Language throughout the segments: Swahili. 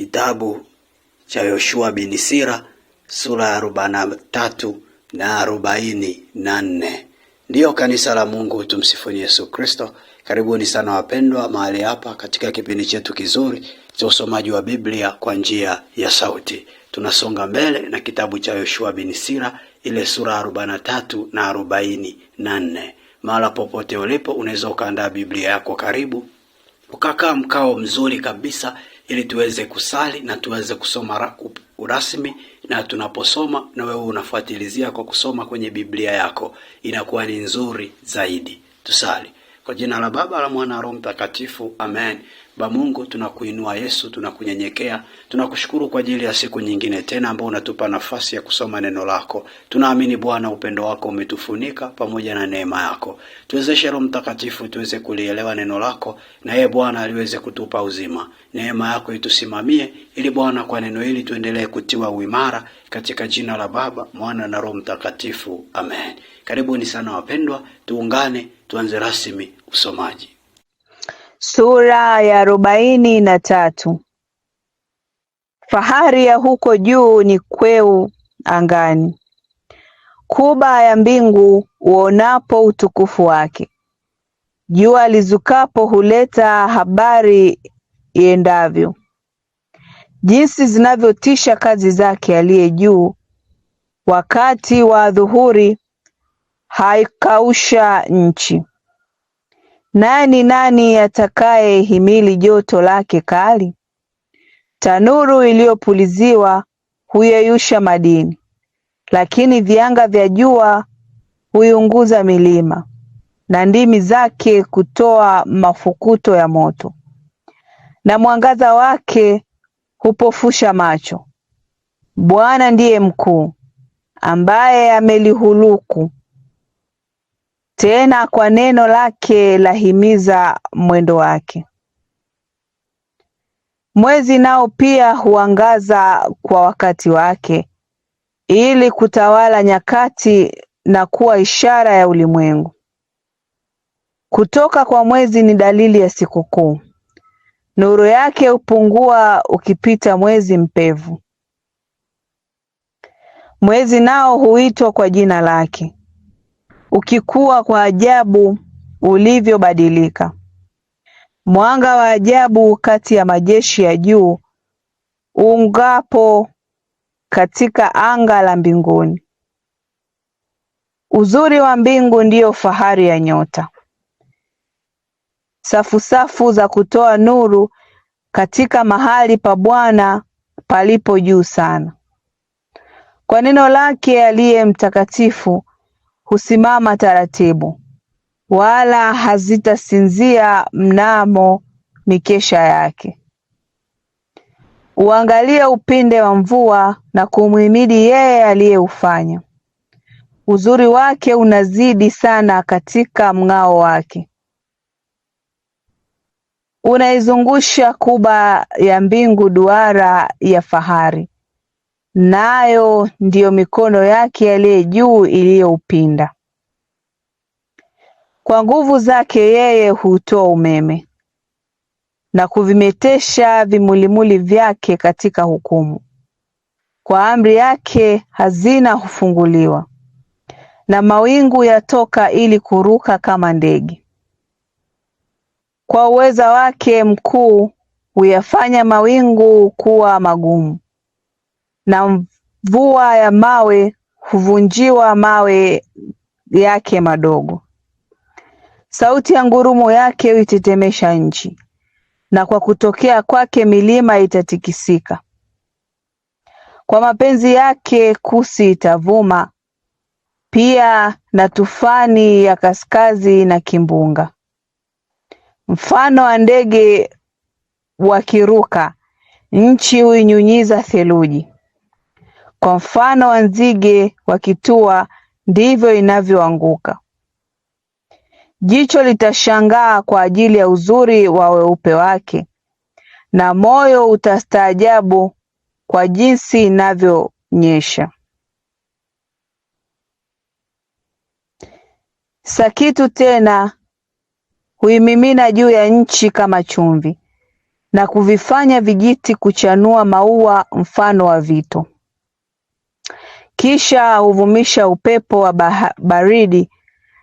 Kitabu cha Yoshua bin Sira sura ya arobaini na tatu na arobaini na nne. Ndiyo kanisa la Mungu, tumsifuni Yesu Kristo. Karibuni sana wapendwa mahali hapa katika kipindi chetu kizuri cha usomaji wa Biblia kwa njia ya sauti. Tunasonga mbele na kitabu cha Yoshua bin Sira ile sura arobaini na tatu na arobaini na nne. Mahala popote ulipo, unaweza ukaandaa Biblia yako karibu ukakaa mkao mzuri kabisa ili tuweze kusali na tuweze kusoma rasmi, na tunaposoma na wewe unafuatilizia kwa kusoma kwenye Biblia yako, inakuwa ni nzuri zaidi. Tusali. Kwa jina la Baba la Mwana Roho Mtakatifu, amen. Baba Mungu, tunakuinua Yesu, tunakunyenyekea, tunakushukuru kwa ajili ya siku nyingine tena ambao unatupa nafasi ya kusoma neno lako. Tunaamini Bwana, upendo wako umetufunika pamoja na neema yako. Tuwezeshe Roho Mtakatifu tuweze kulielewa neno lako, na yeye Bwana aliweze kutupa uzima. Neema yako itusimamie, ili Bwana, kwa neno hili tuendelee kutiwa uimara, katika jina la Baba, Mwana na Roho Mtakatifu, amen. Karibuni sana wapendwa, tuungane tuanze rasmi usomaji sura ya arobaini na tatu. Fahari ya huko juu ni kweu angani, kuba ya mbingu uonapo utukufu wake. Jua lizukapo huleta habari iendavyo, jinsi zinavyotisha kazi zake aliye juu. Wakati wa dhuhuri haikausha nchi, nani nani atakayehimili joto lake kali? Tanuru iliyopuliziwa huyeyusha madini, lakini vianga vya jua huiunguza milima, na ndimi zake kutoa mafukuto ya moto, na mwangaza wake hupofusha macho. Bwana ndiye mkuu, ambaye amelihuluku tena kwa neno lake lahimiza mwendo wake. Mwezi nao pia huangaza kwa wakati wake, ili kutawala nyakati na kuwa ishara ya ulimwengu. Kutoka kwa mwezi ni dalili ya sikukuu. Nuru yake hupungua ukipita mwezi mpevu. Mwezi nao huitwa kwa jina lake ukikua kwa ajabu ulivyobadilika. Mwanga wa ajabu kati ya majeshi ya juu ungapo katika anga la mbinguni. Uzuri wa mbingu ndiyo fahari ya nyota. Safu safu za kutoa nuru katika mahali pa Bwana palipo juu sana. Kwa neno lake aliye mtakatifu husimama taratibu, wala hazitasinzia mnamo mikesha yake. Uangalie upinde wa mvua na kumhimidi yeye aliyeufanya. Uzuri wake unazidi sana katika mng'ao wake. Unaizungusha kuba ya mbingu duara ya fahari nayo ndiyo mikono yake yaliyo juu iliyoupinda. Kwa nguvu zake yeye hutoa umeme, na kuvimetesha vimulimuli vyake katika hukumu. Kwa amri yake hazina hufunguliwa, na mawingu yatoka ili kuruka kama ndege. Kwa uweza wake mkuu huyafanya mawingu kuwa magumu na mvua ya mawe huvunjiwa mawe yake madogo. Sauti ya ngurumo yake huitetemesha nchi, na kwa kutokea kwake milima itatikisika. Kwa mapenzi yake kusi itavuma, pia na tufani ya kaskazi na kimbunga. Mfano wa ndege wakiruka, nchi huinyunyiza theluji. Kwa mfano wa nzige wakitua ndivyo inavyoanguka jicho litashangaa kwa ajili ya uzuri wa weupe wake na moyo utastaajabu kwa jinsi inavyonyesha. Sakitu tena huimimina juu ya nchi kama chumvi na kuvifanya vijiti kuchanua maua mfano wa vito. Kisha huvumisha upepo wa baridi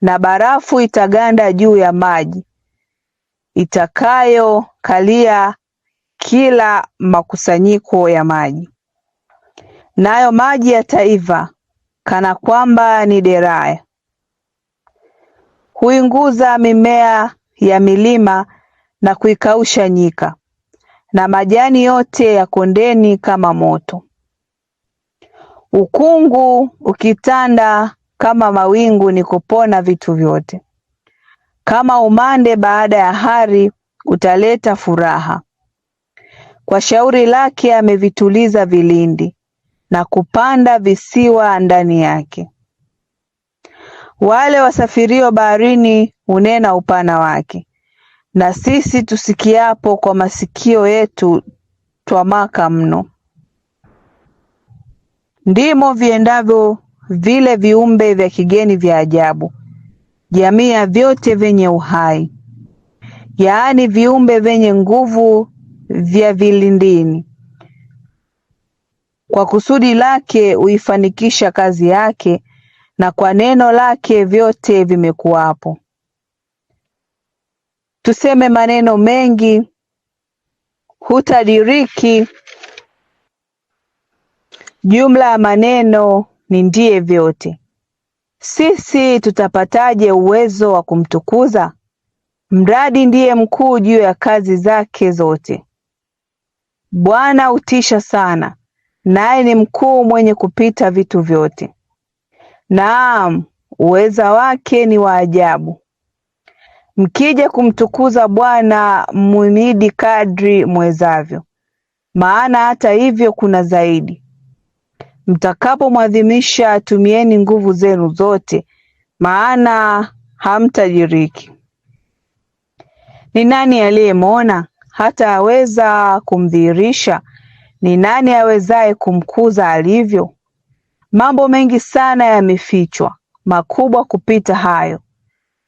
na barafu itaganda juu ya maji itakayokalia kila makusanyiko ya maji, nayo maji yataiva kana kwamba ni deraya. Huinguza mimea ya milima na kuikausha nyika, na majani yote ya kondeni kama moto. Ukungu ukitanda kama mawingu ni kupona vitu vyote, kama umande baada ya hari utaleta furaha. Kwa shauri lake amevituliza vilindi na kupanda visiwa ndani yake. Wale wasafirio baharini hunena upana wake, na sisi tusikiapo kwa masikio yetu twamaka mno ndimo viendavyo vile viumbe vya kigeni vya ajabu, jamii ya vyote vyenye uhai, yaani viumbe vyenye nguvu vya vilindini, kwa kusudi lake huifanikisha kazi yake, na kwa neno lake vyote vimekuwapo. Tuseme maneno mengi, hutadiriki Jumla ya maneno ni ndiye vyote. Sisi tutapataje uwezo wa kumtukuza, mradi ndiye mkuu juu ya kazi zake zote? Bwana utisha sana, naye ni mkuu mwenye kupita vitu vyote. Naam, uweza wake ni wa ajabu. Mkija kumtukuza Bwana mmhimidi kadri mwezavyo, maana hata hivyo kuna zaidi. Mtakapomwadhimisha tumieni nguvu zenu zote, maana hamtajiriki Ni nani aliyemwona hata aweza kumdhihirisha? Ni nani awezaye kumkuza alivyo? Mambo mengi sana yamefichwa, makubwa kupita hayo,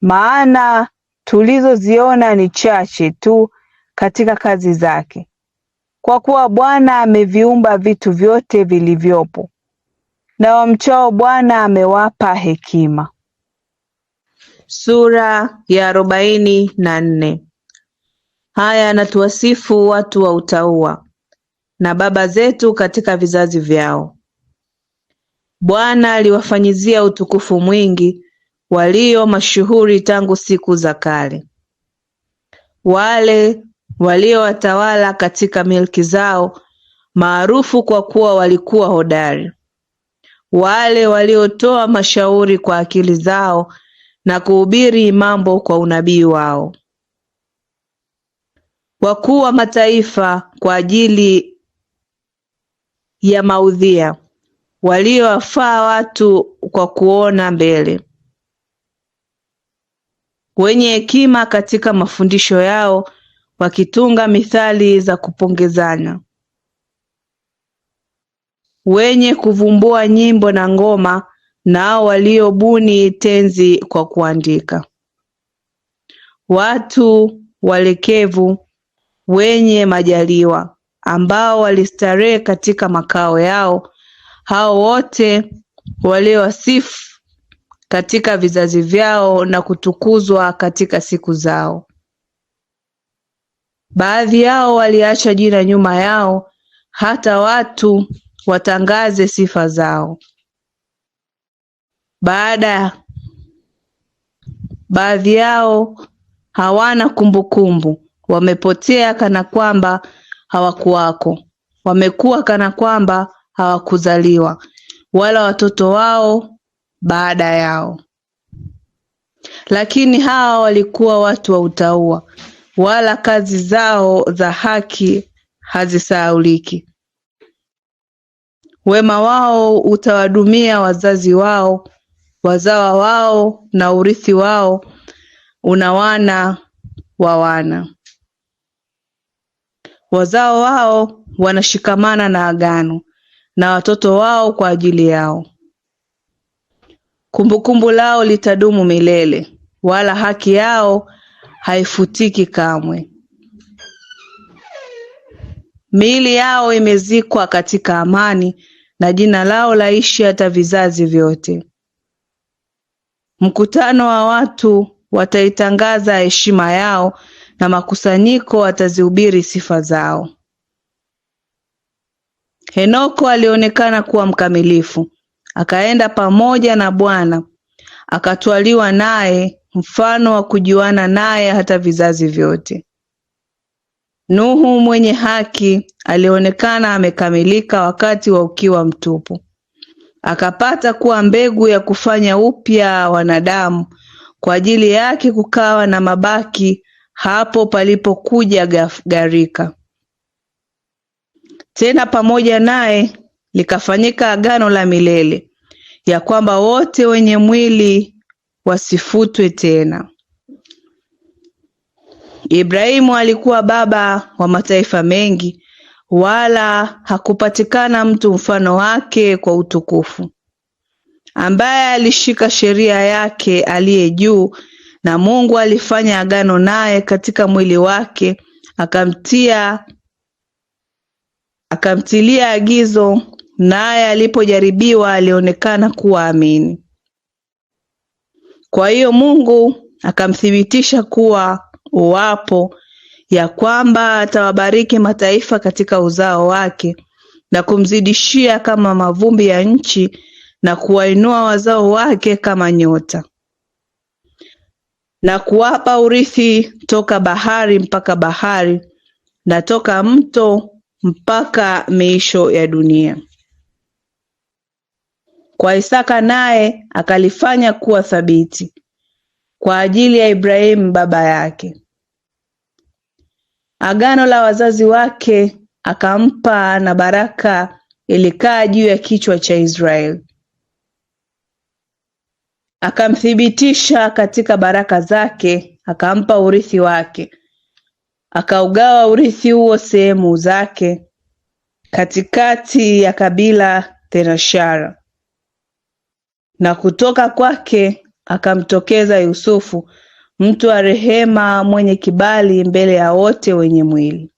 maana tulizoziona ni chache tu katika kazi zake. Kwa kuwa Bwana ameviumba vitu vyote vilivyopo, na wamchao Bwana amewapa hekima. Sura ya arobaini na nne. Haya anatuwasifu watu wa utaua na baba zetu katika vizazi vyao. Bwana aliwafanyizia utukufu mwingi walio mashuhuri tangu siku za kale, wale waliowatawala katika milki zao maarufu kwa kuwa walikuwa hodari, wale waliotoa mashauri kwa akili zao na kuhubiri mambo kwa unabii wao, wakuu wa mataifa kwa ajili ya maudhia, waliowafaa watu kwa kuona mbele, wenye hekima katika mafundisho yao wakitunga mithali za kupongezana, wenye kuvumbua nyimbo na ngoma, nao waliobuni tenzi kwa kuandika, watu walekevu wenye majaliwa, ambao walistarehe katika makao yao. Hao wote waliowasifu katika vizazi vyao na kutukuzwa katika siku zao. Baadhi yao waliacha jina nyuma yao hata watu watangaze sifa zao. Baada baadhi yao hawana kumbukumbu, wamepotea kana kwamba hawakuwako, wamekuwa kana kwamba hawakuzaliwa, wala watoto wao baada yao. Lakini hawa walikuwa watu wa utaua wala kazi zao za haki hazisahauliki. Wema wao utawadumia wazazi wao, wazawa wao, na urithi wao una wana wa wana. wazao wao wanashikamana na agano, na watoto wao kwa ajili yao. Kumbukumbu lao litadumu milele, wala haki yao haifutiki kamwe miili yao imezikwa katika amani na jina lao laishi hata vizazi vyote. Mkutano wa watu wataitangaza heshima yao, na makusanyiko watazihubiri sifa zao. Henoko alionekana kuwa mkamilifu, akaenda pamoja na Bwana, akatwaliwa naye mfano wa kujuana naye hata vizazi vyote. Nuhu mwenye haki alionekana amekamilika wakati wa ukiwa mtupu, akapata kuwa mbegu ya kufanya upya wanadamu, kwa ajili yake kukawa na mabaki hapo palipokuja gharika. Tena pamoja naye likafanyika agano la milele ya kwamba wote wenye mwili wasifutwe tena. Ibrahimu alikuwa baba wa mataifa mengi, wala hakupatikana mtu mfano wake kwa utukufu, ambaye alishika sheria yake aliye juu, na Mungu alifanya agano naye katika mwili wake, akamtia akamtilia agizo, naye alipojaribiwa alionekana kuwa amini. Kwa hiyo Mungu akamthibitisha kuwa uwapo, ya kwamba atawabariki mataifa katika uzao wake na kumzidishia kama mavumbi ya nchi na kuwainua wazao wake kama nyota na kuwapa urithi toka bahari mpaka bahari na toka mto mpaka miisho ya dunia kwa Isaka naye akalifanya kuwa thabiti kwa ajili ya Ibrahimu baba yake. Agano la wazazi wake akampa na baraka ilikaa juu ya kichwa cha Israeli. Akamthibitisha katika baraka zake, akampa urithi wake, akaugawa urithi huo sehemu zake katikati ya kabila Thenashara na kutoka kwake akamtokeza Yusufu mtu wa rehema mwenye kibali mbele ya wote wenye mwili.